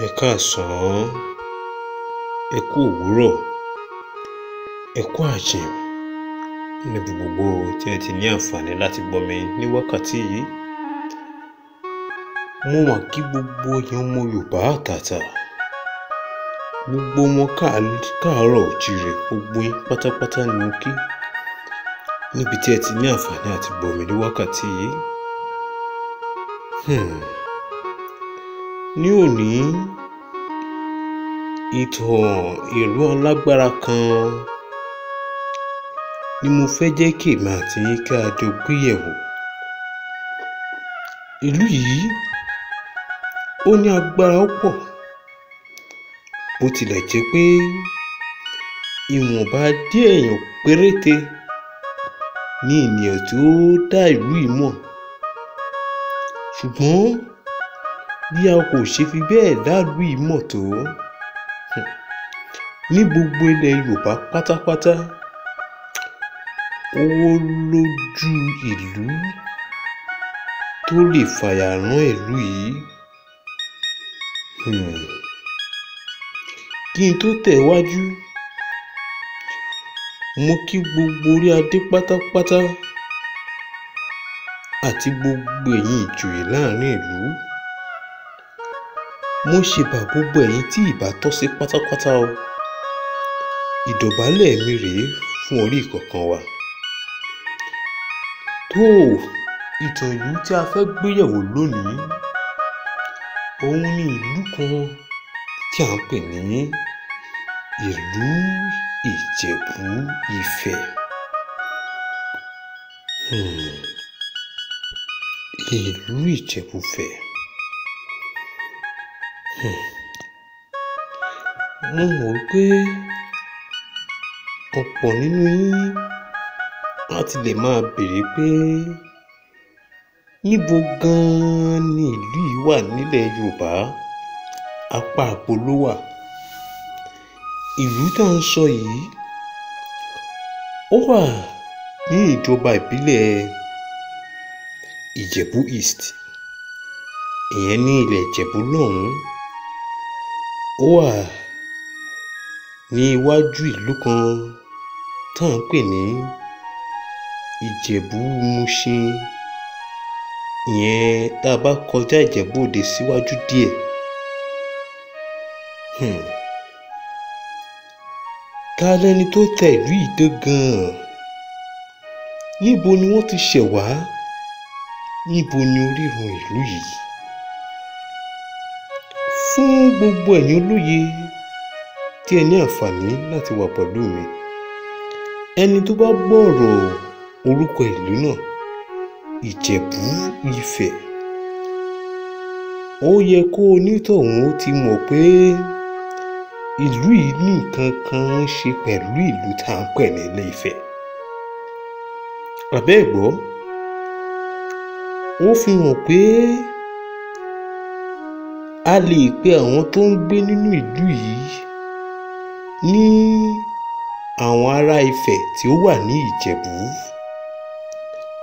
ẹ káàsán ẹ kú òwúrọ̀ ẹ kú àjìn níbi gbogbo tí ẹ ti ní àǹfààní láti gbọ́ mi ní wákàtí yìí mo wà kí gbogbo èèyàn mọ Yorùbá àtàtà gbogbo ọmọ káàárọ̀ òjìrè gbogbo yín pátápátá ni mo kí níbi tí ẹ ti ní àǹfààní àti gbọ́ mi ní wákàtí yìí. Hmm. Ní òní, ìtàn ìlú alágbára kan ni mo fẹ́ jẹ́ kí èmi àti yín ká jọ gbé yẹ̀wò. Ìlú yìí ó ní agbára ó pọ̀, bó tilẹ̀ jẹ́ pé ìwọ̀nba díẹ̀ èèyàn péréte ni ènìyàn tí ó dá ìlú yìí mọ̀. Ṣùgbọ́n bí a kò ṣe fi bẹ́ẹ̀ dárú ìmọ̀ tó ní gbogbo ilẹ̀ yorùbá pátápátá owó lójú ìlú tó lè fàyà rán ìlú yìí. Hmm. kí n tó tẹ̀wájú mo kí gbogbo orí adé pátápátá àti gbogbo ẹ̀yin ìjòyè láàrin ìlú mo ṣèbà gbogbo ẹ̀yin tí ìbá tọ́ sí pátápátá o ìdọ̀bálẹ̀ mi rèé fún orí ìkọ̀ọ̀kan wa. tó o ìtàn ìlú tí a fẹ́ gbéyẹ̀wò lónìí òun ni ìlú kan tí a ń pè ní ìlú ìjẹ̀bú ifẹ̀. Hmm. ìlú ìjẹ̀bú fẹ̀. Hmm. mo mọ̀ pé ọ̀pọ̀ nínú yín láti lè máa béèrè pé níbo gan-an ni ìlú yìí wà nílẹ̀ yorùbá apá àpò ló wà ìlú tá à ń sọ yìí ó wà ní ìjọba ìbílẹ̀ ìjẹ̀bú east ìyẹn ní ilẹ̀ ìjẹ̀bú lọ́hùn-ún ó wà ní iwájú ìlú kan tá à ń pè ní Ìjẹ̀bú-Muṣin ìyẹn tá a bá kọjá Ìjẹ̀bú-Òde síwájú díẹ̀ hmm. ká tó tẹ ìlú yìí dé gan-an níbo ni wọ́n ti ṣẹ̀ wá níbo ni orírun ìlú yìí fún gbogbo ẹ̀yin olóye tí ẹ ní àǹfààní láti wà pẹ̀lú mi ẹni tó bá gbọ́ ọ̀rọ̀ orúkọ ìlú náà ìjẹ̀bú ifẹ̀ ó yẹ kó onítọ̀hún ti mọ̀ pé ìlú yìí ní nǹkan kan ṣe pẹ̀lú ìlú tá à ń pè ní ilé ifẹ̀ àbẹ́ẹ̀gbọ́ ó fi hàn pé a lè pe àwọn tó ń gbé nínú ìlú yìí ní àwọn ará Ifẹ̀ tí ó wà ní Ìjẹ̀bú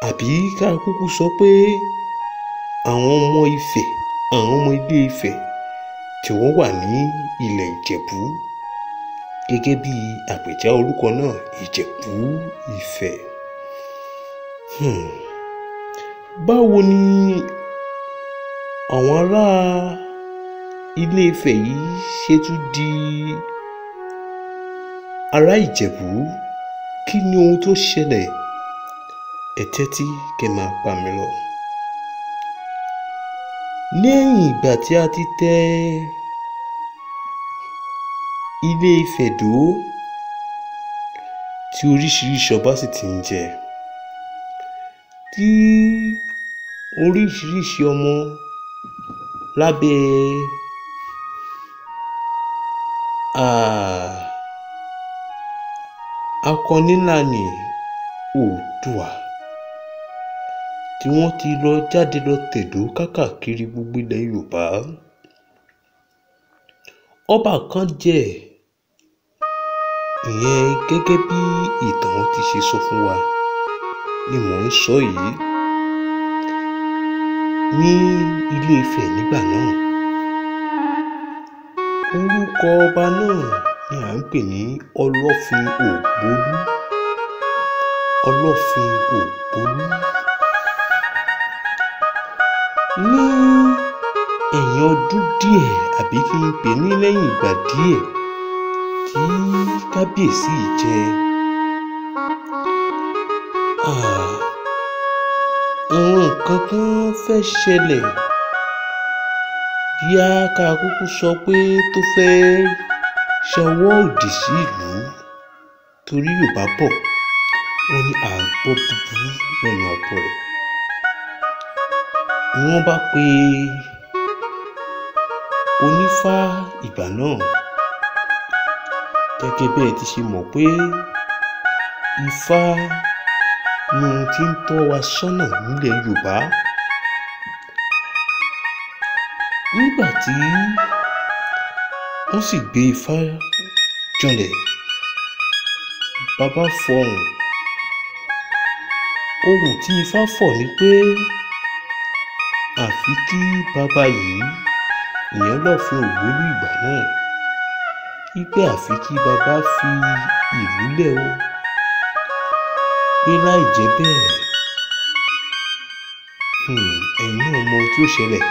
àbí ká kúkú sọ pé àwọn ọmọ Ifẹ̀ àwọn ọmọ ilé Ifẹ̀ tí wọ́n wà ní ilẹ̀ Ìjẹ̀bú gẹ́gẹ́ bí àpèjá orúkọ náà Ìjẹ̀bú Ifẹ̀. Hmm. báwo ni àwọn ará ilé Ifẹ̀ yìí ṣe tún di ará Ìjẹ̀bú kí ni ohun tó ṣẹlẹ̀ ẹ tẹ́tí kẹ́ máa bá mi lọ. lẹ́yìn ìgbà tí a ti tẹ ilé Ifẹ̀ dó tí oríṣiríṣi ọba sì ti ń jẹ tí oríṣiríṣi ọmọ lábẹ́ um ah. akọni ńlá oòdùà tí wọ́n ti lọ jáde lọ tẹ̀dó káàkiri gbogbo ilẹ̀ yorùbá ọba kan jẹ́ ìyẹn gẹ́gẹ́ bí ìtàn ti ṣe sọ fún wa ni mò ń sọ yìí ní ilé Ifẹ̀ nígbà náà orúkọ ọba náà ni à ń pè ní ọlọ́fin ògbólú ọlọ́fin ògbólú ní ẹ̀yìn ọdún díẹ̀ àbí kí n pè ní lẹ́yìn ìgbà díẹ̀ tí kábíyèsí jẹ ah, àwọn nǹkan kan fẹ́ ṣẹlẹ̀ yá ká kúkú sọ pé tó fẹ́ẹ́ ṣọwọ́ òdì sí ìlú torí yorùbá bọ̀ wọ́n ní à ń gbọ́ búburú lẹ́nu ọkọ rẹ̀ ni wọ́n bá pe onífá ìgbà náà gẹ́gẹ́ bẹ́ẹ̀ ti ṣe mọ̀ pé ifá ni ohun tí ń tọ́ wa sọ́nà nílẹ̀ yorùbá nígbà tí wọ́n sì gbé ifá janlẹ̀ bàbá fọhùn ohun tí ifá fọ̀ ni pé àfi kí bàbá yìí ìyẹn lọ́ọ́ fi ògbólú ìgbà náà wípé àfi kí bàbá fi ìlú lẹ̀ o pé láì jẹ́ bẹ́ẹ̀ hmm, ẹ̀yin náà mọ ohun tí ó ṣẹlẹ̀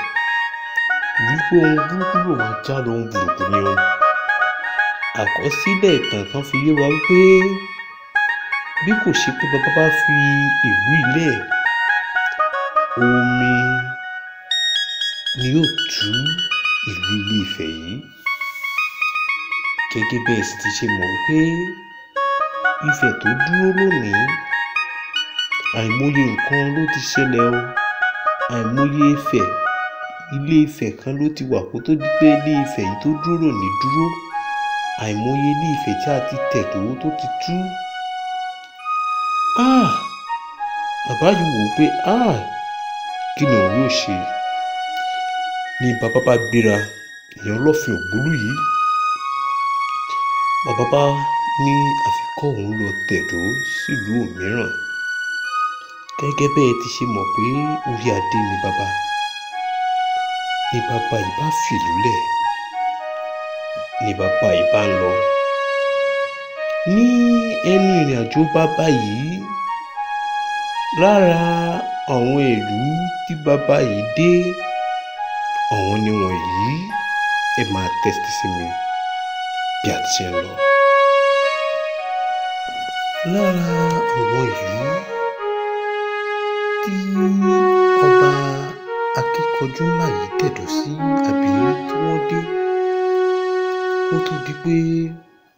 wípé ohun burúkú ló máa já lóhun burúkú ni o àkọsílẹ̀ ìtàn kan fi yé wa wípé bí kò ṣe pé bàbá bá fi ìlú ilẹ̀ omi ni yóò tú ìlú ilé Ifẹ̀ yìí gẹ́gẹ́ bẹ́ẹ̀ sì ti ṣe mọ̀ wípé Ifẹ̀ tó dúró lónìí àìmọye nǹkan ló ti ṣẹlẹ̀ o àìmọye Ifẹ̀ ilé Ifẹ̀ kan ló ti wà kó tó di pé ilé Ifẹ̀ yìí tó dúró ní dúró àìmọye ilé Ifẹ̀ tí a ti tẹ̀ tó tó ti tú. Ah! bàbá yìí wò ó pé ah! kí ni òun yóò ṣe ni bàbá bá gbéra èèyàn ọlọ́fin ògbólú yìí bàbá bá ní àfikọ́ òun lọ tẹ̀dó sílùú òmíràn gẹ́gẹ́ bẹ́ẹ̀ ti ṣe mọ̀ pé orí adé ni bàbá ní bàbá ìbá fìlúlẹ̀ ní bàbá ìbá ń lọ ní ẹnu ìrìn àjò bàbá yìí lára àwọn ìlú tí bàbá yìí dé ọ̀hún ni wọ̀nyí ẹ máa tẹ́sítì sí mi bí a ti ń lọ. lára àwọn ìlú tí ọkọ̀jú yìí tẹ̀dó sí àbíyé tí wọ́n dé kó tó di pé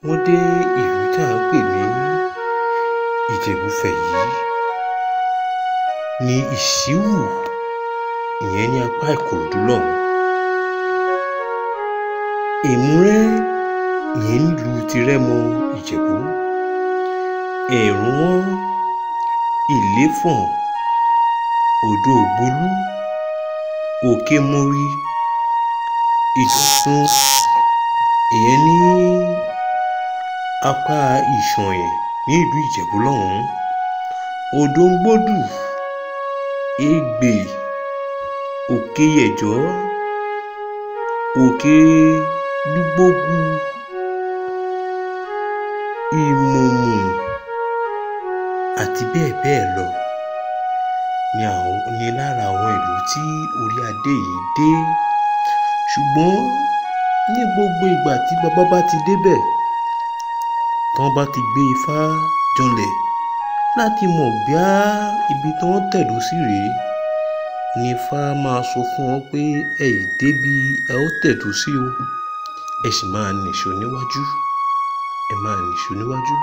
wọ́n dé ìlú tá à pè ní ìjẹ̀búfẹ̀ yìí ní ìṣíwù ìyẹn ní apá ìkòròdú lọ́hùn èmúrẹ́ ìyẹn nílùú tirẹ́mọ ìjẹ̀bú ẹ̀rùn ìléfọ̀n odò ògbólú òkè mórí ìdọ̀tún ìyẹn ní apá ìṣànyẹ̀ ní ìlú ìjẹ̀bú lọ́hùn-ún òdòǹgbòdù ègbè òkè yẹ̀jọ́ òkè dúgbògù ìmùmù àti bẹ́ẹ̀ bẹ́ẹ̀ lọ ni lára àwọn ìlú tí orí adé yìí dé ṣùgbọ́n ní gbogbo ìgbà tí bàbá bá ti débẹ̀ tán bá ti gbé ifá janlẹ̀ láti mọ̀ bíá ibi tí wọ́n tẹ̀dó sí rèé ni ifá máa sọ fún wọn pé ẹ ì débi ẹ ó tẹ̀dó sí o ẹ sì máa nìṣó níwájú ẹ máa nìṣó níwájú.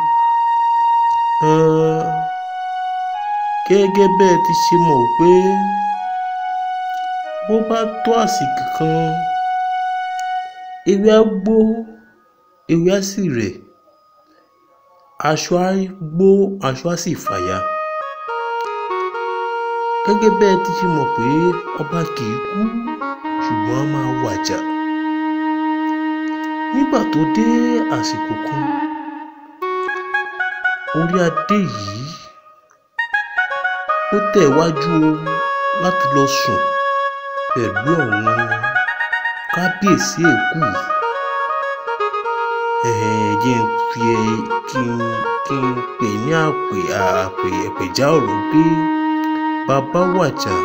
Uh, gẹ́gẹ́ bẹ́ẹ̀ ti ṣe mọ̀ pé bó bá tó àsìkò kan ewé á gbó ewé á sì rẹ̀ aṣọ á gbó aṣọ á sì fàya gẹ́gẹ́ bẹ́ẹ̀ ti ṣe mọ̀ pé ọba kì í kú ṣùgbọ́n a máa wàjà nígbà tó dé àsìkò kan orí adé yìí ó tẹ̀ wájú ooru láti lọ sùn pẹ̀lú àwọn kábíyèsí èkú jẹ́ fi ẹ kí n kí n pè ní àpè àpè ẹ̀pẹ̀já ọ̀rọ̀ pé bàbá wàjà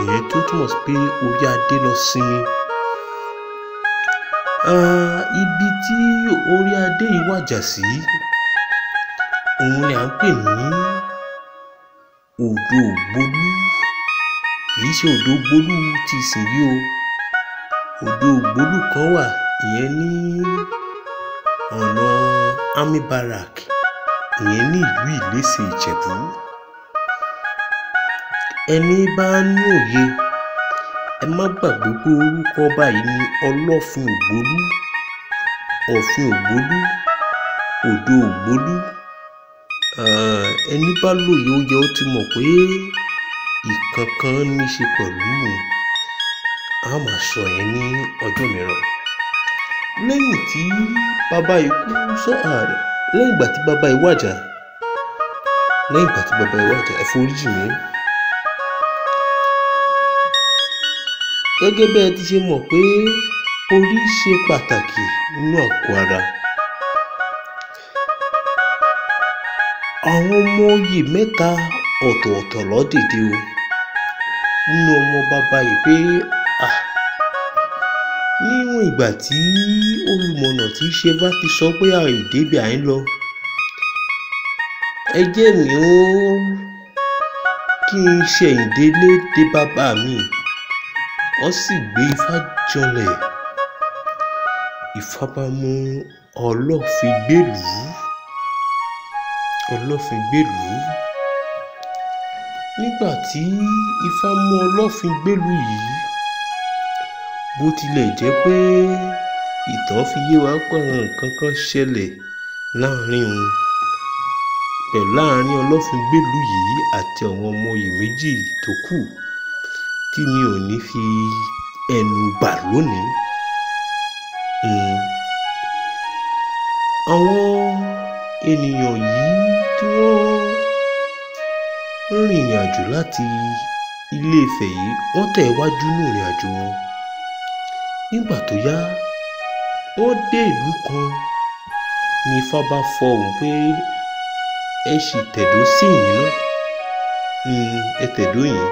ìyẹn tó túmọ̀ sí pé orí adé lọ sinmi ibi tí orí adé yìí wàjà sí òun ni à ń pè ní. òjò ògbólú kìí ṣe òjò ògbólú ti sìn o òjò ògbólú kan wà ìyẹn ní ọ̀nà army barrack ìyẹn ní ìlú ìlẹ́sẹ̀ ìjẹ̀bú ẹni bá ní òye ẹ má gbàgbé pé orúkọ ọba ni ọlọ́fin ògbólú ọ̀fin ògbólú ògbólú. Eh, ẹni bá lóye oúnjẹ ó ti mọ̀ pé ìkankan ní í ṣe pẹ̀lú a máa sọ yẹn ní ọjọ́ mìíràn lẹ́yìn tí bàbá ikú sọ ààrẹ lẹ́yìn ìgbà tí bàbá ìwájà lẹ́yìn ìgbà tí bàbá ìwájà ẹ foríjì gẹ́gẹ́ bẹ́ẹ̀ ti ṣe mọ̀ pé orí ṣe pàtàkì nínú àgọ́ ara. àwọn ọmọ òye mẹ́ta ọ̀tọ̀ọ̀tọ̀ ló dìde o nínú ọmọ bàbá yìí pé níwọ̀n ìgbà tí olùmọ̀nà tí í ṣe bá ti sọ pé àìdébí à ń lọ ẹ jẹ́ mi ó kí n ṣẹ̀yìn délé dé bàbá mi ó sì gbé ifá jọlẹ̀ ìfá bá gbèlú ọlọ́fin-gbèlú nígbà tí ifá mú ọlọ́fin-gbèlú yìí bó tilẹ̀ jẹ́ pé ìtàn fi yé wa pé àwọn nǹkan kan ṣẹlẹ̀ láàrin òun pẹ̀lú láàrin ọlọ́fin-gbèlú yìí àti àwọn ọmọ òye méjì tó kù tí mi ò ní fi ẹnu bà lónìí. Hmm. àwọn ènìyàn yìí tí wọ́n rìnrìn àjò láti Ilé-Ifẹ̀ yìí wọ́n tẹ̀ wájú nínú ìrìn àjò wọn nígbà tó yá ó dé ìlú kan ni ifá bá fọ òun pé ẹ sì tẹ̀dó sí ìyìn náà ẹ tẹ̀dó yìí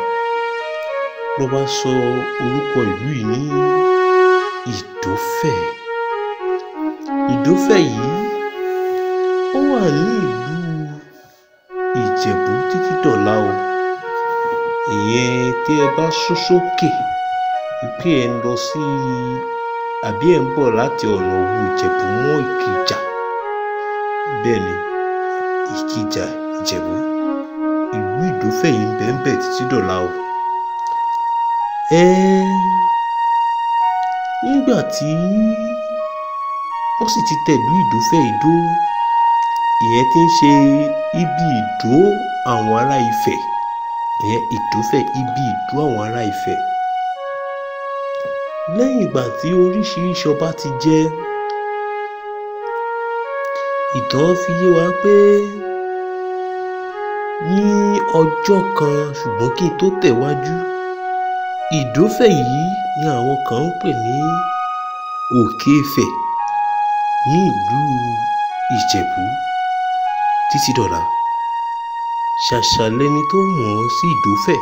ló bá sọ orúkọ ìlú yìí ní Ìdófẹ̀ Ìdófẹ̀ yìí wà ní ìlú ìjẹ̀bú títí dọ̀la o ìyẹn tí ẹ bá sún sókè wípé ẹ ń lọ sí àbí ẹ ń bọ̀ láti ọ̀nà òwú ìjẹ̀bú mọ́ ìkìjà bẹ́ẹ̀ ni ìkìjà ìjẹ̀bú ìlú ìdófẹ̀yìn bẹ́ẹ̀ títí dọ̀la o ẹ nígbà tí wọ́n sì ti tẹ̀lú ìdófẹ́ ìdó ìyẹn ti ń ṣe ibi ìdó àwọn ará Ifẹ̀ ìyẹn ìdófẹ̀ ibi ìdó àwọn ará Ifẹ̀ lẹ́yìn ìgbà tí oríṣiríṣi ọba ti jẹ́ ìtàn fi yé wa pé ní ọjọ́ kan ṣùgbọ́n kí n tó tẹ̀wájú ìdófẹ̀ yìí ni àwọn kan ń pè ní òkèèfẹ̀ ní ìlú ìjẹ̀bú títí dọ̀la ṣàṣà lẹni tó mọ̀ ọ́ sí ìdófẹ̀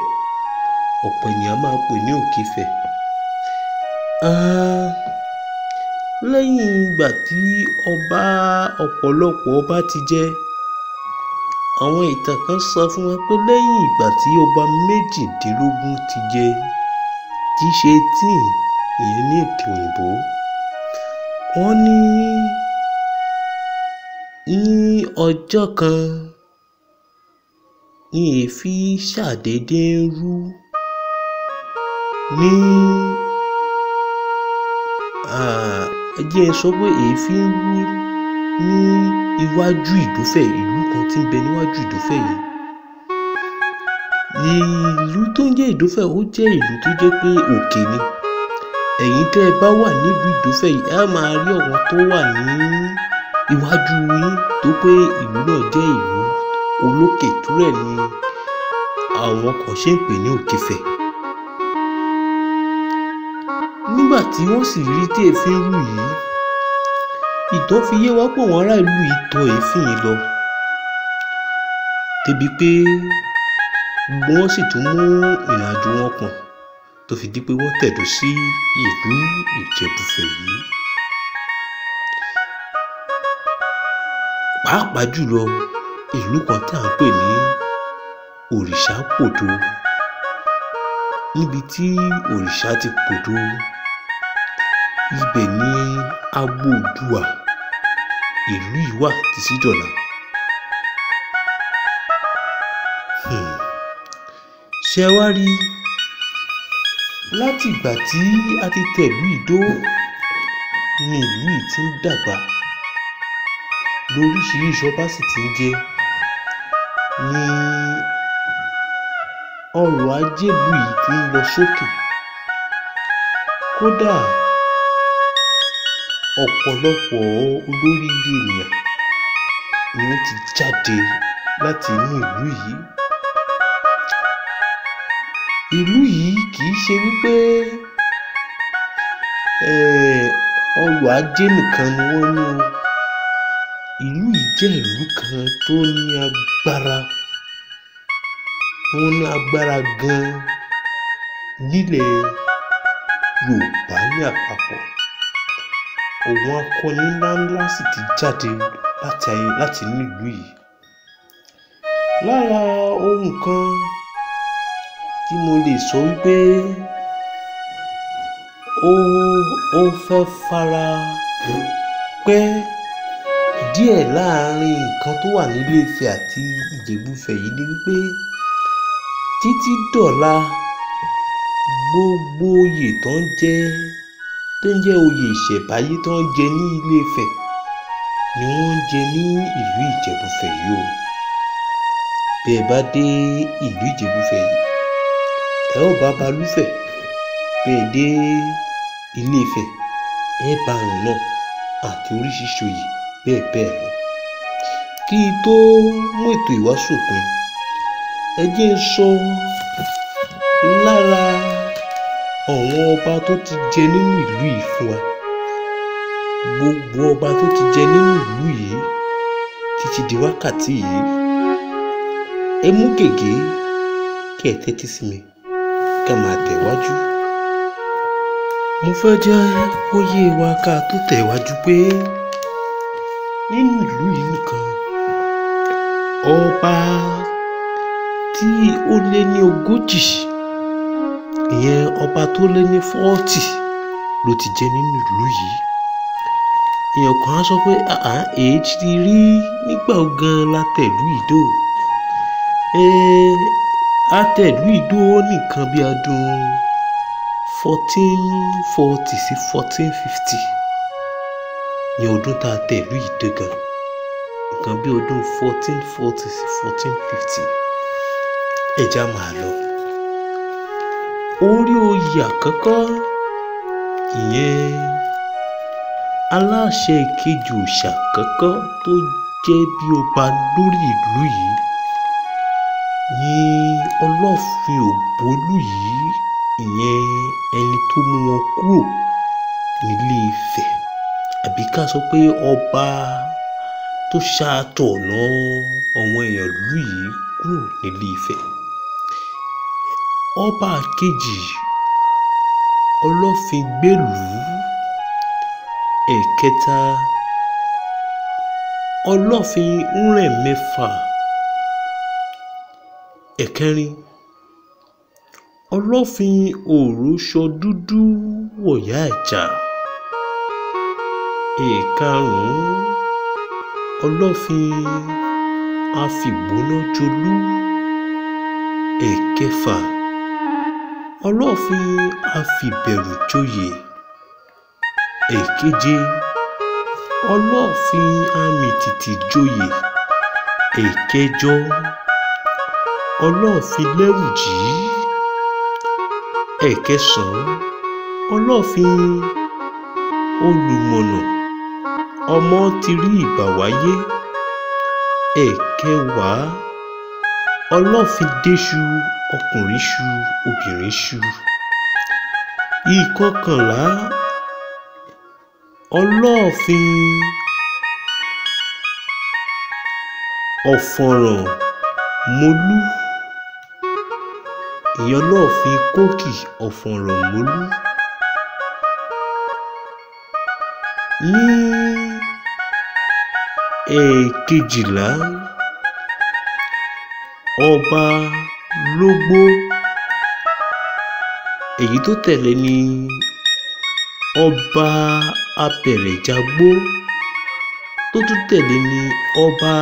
ọ̀pọ̀ ènìyàn máa pè ní òkèfẹ̀ lẹ́yìn ìgbà tí ọba ọ̀pọ̀lọpọ̀ ọba ti jẹ́ àwọn ìtàn kan sọ fún wa pé lẹ́yìn ìgbà tí ọba méjìdínlógún ti jẹ́ tí ṣe tíì ìyẹn ní èdè òyìnbó wọ́n ní ní ọjọ́ kan ni èéfín ṣàdédé ń rú ní ẹ jẹ́ n sọ pé èéfín ń rú ní iwájú ìdófẹ̀ ìlú kan tí ń bẹ níwájú ìdófẹ̀ yìí ìlú tó ń jẹ́ ìdófẹ̀ ó jẹ́ ìlú tó jẹ́ pé òkè ni ẹ̀yin tẹ́ ẹ bá wà nílùú ìdófẹ̀ yìí ẹ máa rí ọ̀wọ́n tó wà ní iwájú yín tó pé ìlú náà jẹ́ ìlú olókè túrẹ̀ ni àwọn kan ṣe ń pè ní òkèfẹ̀ nígbà tí wọ́n sì rí tí èéfín rú yìí ìtàn fi yé wá pọ̀ wọ́n ará ìlú yìí tọ èéfín yìí lọ débi pé wọ́n sì tún mú ìrìnàjò wọn pọ̀n tó fi di pé wọ́n tẹ̀dó sí ìlú ìjẹ̀bùfẹ̀ yìí. pàápàá jùlọ ìlú kan tí à ń pè ní òrìṣàpòtó níbi tí òrìṣà ti pòtó ibẹ̀ ni agbóòdùà ìlú yìí wà títí dọ̀la. Hmm. ṣé wá rí láti ìgbà tí a ti tẹ̀lú ìdó ni ìlú yìí ti ń dàgbà lóríṣiríṣi ọba sì ti ń jẹ́ ni ọrọ̀ ajé ìlú yìí ti ń lọ sókè kódà ọ̀pọ̀lọpọ̀ olórí ilé ènìyàn ni wọ́n ti jáde láti inú ìlú yìí ìlú yìí kì í ṣe wípé ọrọ̀ ajé nìkan ni wọ́n ní o jẹ́ ìlú kan tó ní agbára wọ́n ní agbára gan-an nílẹ̀ Yorùbá ní àpapọ̀ àwọn akọni ńláńlá sì ti jáde láti nílùú yìí lára ohun kan tí mo lè sọ wípé ó ó fẹ́ fara pẹ́ díẹ̀ láàrin nǹkan tó wà nílé Ifẹ̀ àti Ìjẹ̀bú-Ifẹ̀ yìí ni wípé títí dọ̀la gbogbo oyè tó ń jẹ tó ń jẹ oyè ìṣẹ̀báyé tó ń jẹ ní ilé Ifẹ̀ ni wọ́n ń jẹ ní ìlú Ìjẹ̀bú-Ifẹ̀ yìí o bí ẹ bá dé ìlú Ìjẹ̀bú-Ifẹ̀ yìí ẹ ó bá Balúfẹ̀ bí ẹ dé Ilé Ifẹ̀ ẹ bá àrùn náà àti oríṣiríṣi oyè bẹ́ẹ̀ bẹ́ẹ̀ lọ. kí n tó mú ètò ìwàásù pin ẹ jẹ́ n sọ lára àwọn ọba tó ti jẹ nínú ìlú yìí fún wa gbogbo ọba tó ti jẹ nínú ìlú yìí títí di wákàtí yìí ẹ mú gègé kí ẹ tẹ́tí sí mi ká máa tẹ̀wájú. mo fẹ́ jẹ́ ó yé tó tẹ̀wájú pé nínú ìlú yìí nìkan ọba tí ó lé ní ogójì ìyẹn ọba tó lé ní fọ́ọ̀tì ló ti jẹ nínú ìlú yìí èèyàn kan á sọ pé èyí ti rí nígbà gan la ìdó a ìdó nìkan bí adùn fourteen forty sí fourteen fifty ní ọdún tá a tẹ̀lú yìí nǹkan bí ọdún fourteen forty sí fourteen fifty ẹja máa lọ orí oyè àkọ́kọ́ ìyẹn aláṣẹ ìkejì òòṣà àkọ́kọ́ tó jẹ́ bí ọba lórí ìlú yìí ní ọlọ́fin ògbólú yìí ìyẹn ẹni tó mú wọn kúrò nílé Ifẹ̀ àbí ká sọ pé ọba tó ṣàtọ̀ ọ̀nà àwọn èèyàn ìlú yìí kúrò nílé Ifẹ̀ ọba kejì ọlọ́fingbélùú ẹ̀kẹta ọlọ́fin ńrẹ̀ mẹ́fà ẹ̀kẹrin ọlọ́fin òrùṣọ dúdú wọ̀yá ìjà. E ìkarùn-ún ọlọ́fin afìgbónájolú ẹ̀kẹfà ọlọ́fin afìbẹ̀rùjoyè ẹ̀keje ọlọ́fin amìtìtìjoyè ẹ̀kẹjọ ọlọ́fin lẹ́rùjí ẹ̀kẹsàn-án ọlọ́fin olùmọ̀nà ọmọ ti rí ìgbà wáyé ẹ̀kẹwàá ọlọ́findéṣu ọkùnrin ṣu obìnrin ṣu ìkọkànlá ọlọ́ọ̀fin ọ̀fọ̀ràn molú ìyẹn ọlọ́ọ̀fin kókì ọ̀fọ̀ràn molú ní ẹ̀ẹ̀kejìlá ọba lógbó èyí tó tẹ̀lé ni ọba apẹ̀rẹ̀jágbó tó tún tẹ̀lé ni ọba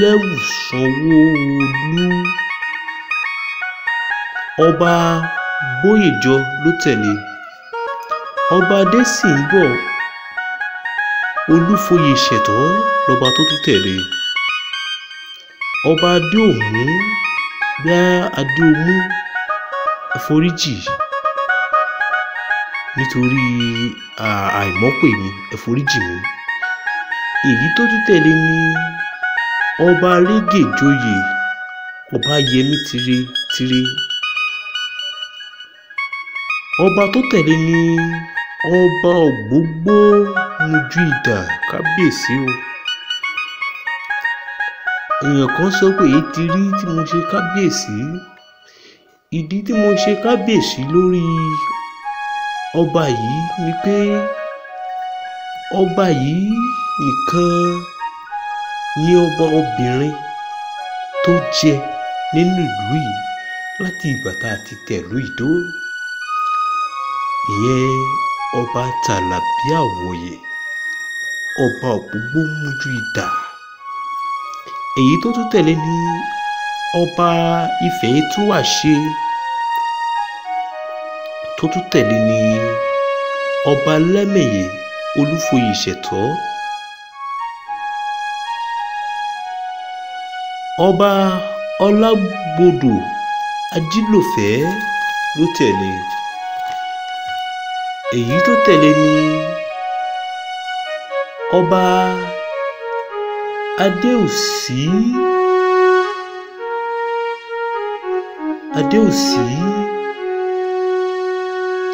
lẹ́wù sanwó-olú ọba bóyèjọ ló tẹ̀lé ọba adésínbọ̀ olúfòye ṣẹ̀tọ́ lọ́ba tó tún tẹ̀lé ọba adéòmù gbá adéòmù ẹ̀foríjì nítorí àìmọ́pè mi ẹ̀foríjì mi èyí tó tún tẹ̀lé ni ọba rẹ́gẹ̀joyè ọba yẹmi tire tire ọba tó tẹ̀lé ni ọba ògbógbó mo ju ìdà kábíyèsí o èèyàn kan sọ pé èyí ti rí tí mo ṣe kábíyèsí ìdí tí mo ṣe kábíyèsí lórí ọba yìí ni pé ọba yìí nìkan ni ọba obìnrin tó jẹ nínú ìlú yìí láti ìgbà tá a ti tẹ̀lú ìdó ìyẹn ọba tàlàbí àwòyè ọba ògbógbó mójú idà èyí tó tún tẹ̀lé ni ọba ifẹ̀ tún wà ṣe tó tún tẹ̀lé ni ọba lẹ́mẹ̀yẹ olúfoyè ìṣẹ̀tọ́ ọba ọlágbòdò ajílòfẹ́ ló tẹ̀lé èyí tó tẹ̀lé ni ọba adéòsì adéòsì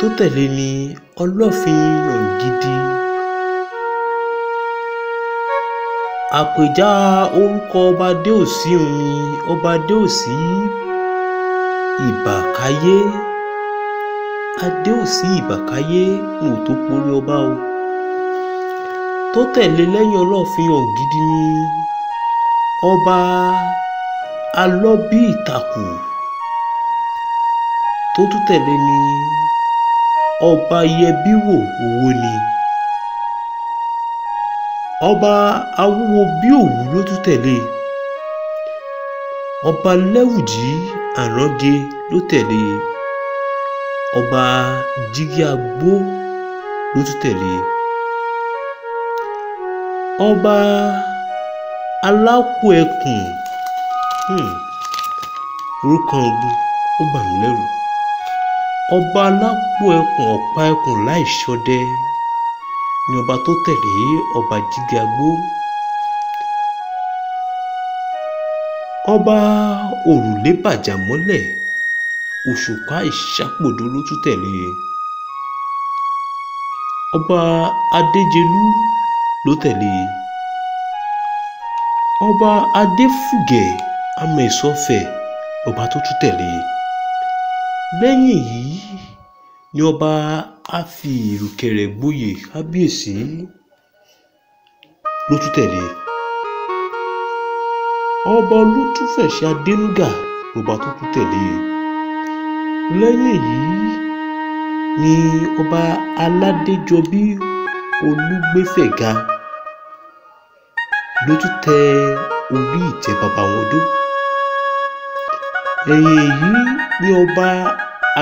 tó tẹ̀lé ní ọlọ́fin gidi àpèjá orúkọ ọba adéòsì ni ọba adéòsì ìbàkáyé adéòsì ìbàkáyé òtòpó lọ́ba o tó tẹ̀lé lẹ́yìn ọlọ́run fi hàn gidi ni ọba alọ́bí ìtàkùn tó tún tẹ̀lé ni ọba yẹbíwò owó ni ọba awúwo bí òwú ló tún tẹ̀lé ọba lẹ́wùjí àránge ló tẹ̀lé ọba jígí ló tún tẹ̀lé ọba alákùẹkùn hmm. orúkọ ogun ó bà mí lẹ́rù ọba alákùẹkùn ọ̀pá ẹkùn láì ṣọdẹ ni ọba tó tẹ̀lé ọba jíde agbó ọba òrùlé bàjà mọ́lẹ̀ òṣùpá ìṣàpòdó ló tún tẹ̀lé ọba adéjelú ló tẹ̀lé e ọba adéfúgẹ̀ amẹ̀sọ́fẹ̀ ọba tó tún tẹ̀lé e lẹ́yìn èyí ni ọba á fi ìrùkẹ̀rẹ̀ gboyè kábíyèsí ló tún tẹ̀lé e ọba olùtúfẹ̀ṣe adéńgà lọba tó tún tẹ̀lé e lẹ́yìn èyí ni ọba aládéjọbí olúgbéfẹ̀ga lójú tẹ orí ìtẹ́ bàbá wọn dó ẹ̀yìn èyí ni ọba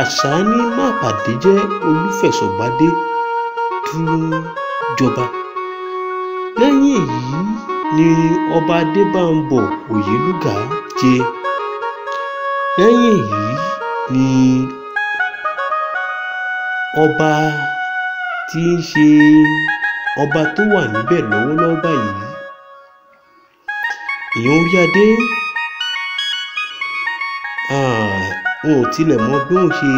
àṣàní mápàdé jẹ́ olúfẹ̀sọ̀gbádé dúró jọba lẹ́yìn èyí ni ọba adébáǹbọ̀ òyelúgà jẹ lẹ́yìn èyí ni ọba tí ń ṣe ọba tó wà níbẹ̀ lọ́wọ́lọ́wọ́ báyìí èèyàn orí adé n ò tilẹ̀ mọ bí wọ́n ṣe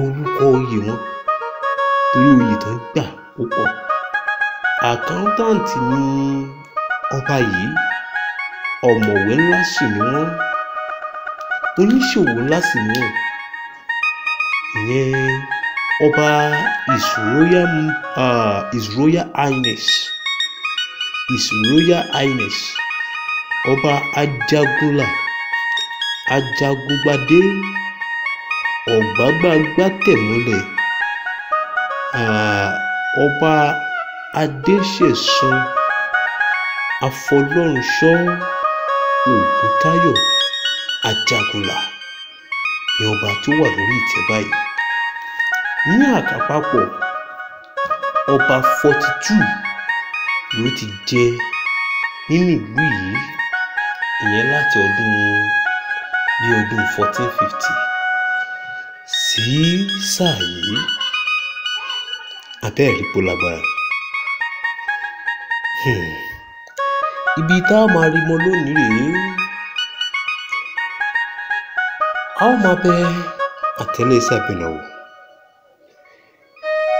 orúkọ oyè wọn torí oyè tó ń gbà púpọ̀ àkáńtàǹtì ni ọba yìí ọ̀mọ̀wé ńlá sì ni wọ́n oníṣòwò ńlá sì ni wọ́n ìyẹn ọba his royal uh, his royal highness his royal highness ọba ajagunla ajagungbadé ọ̀gbágbágbátẹ̀múlẹ̀ ọba adéṣẹ̀sùn afọlọ́runṣọ́ ògùntáyọ̀ ajagunla ni ọba tó wà lórí ìtẹ́ báyìí ní àkàpàpọ̀ ọba forty two ló ti jẹ nínú ìlú yìí ìyẹn láti ọdún bí ọdún fourteen fifty sí sáà yìí abẹ́ẹ̀rí po lágbára hmm. ibi tá a máa rí mọ lónìí rèé a ó máa bẹ àtẹlẹsẹ abẹnàwò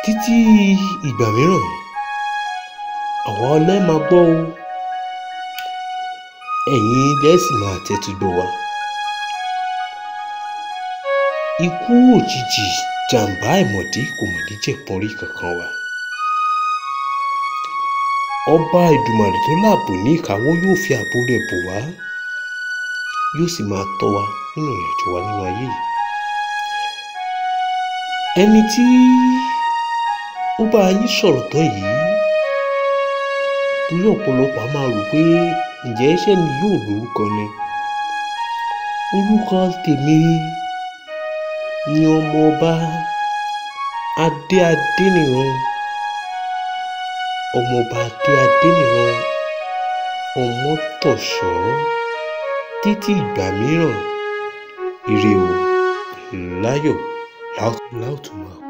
títí ìgbà mìíràn àwọn ọlẹ́ máa gbọ́ o ẹ̀yin lẹ́sì máa tẹ́tí gbọ́ wa. ikú òjijì jàǹbá àìmọ̀dé kò mọ̀ ní jẹ̀pọ̀nrí kankan wa. ọba ìdùmàrè tó láàbò ní ìkáwọ́ yóò fi ààbò rẹ̀ bò wá yóò sì máa tọ́ wa nínú ìrìnàjò wa nínú ayé yìí. ẹni tí ó bá yín sọ̀rọ̀ tán yìí torí ọ̀pọ̀lọpọ̀ a máa rò pé ǹjẹ́ ṣé mi yóò lórúkọ ni orúkọ tèmi ni ọmọọba adé adéníran ọmọọba adé adéníran ọmọtọ̀ṣọ́ títí ìgbà mìíràn ire o láyọ̀ láòtún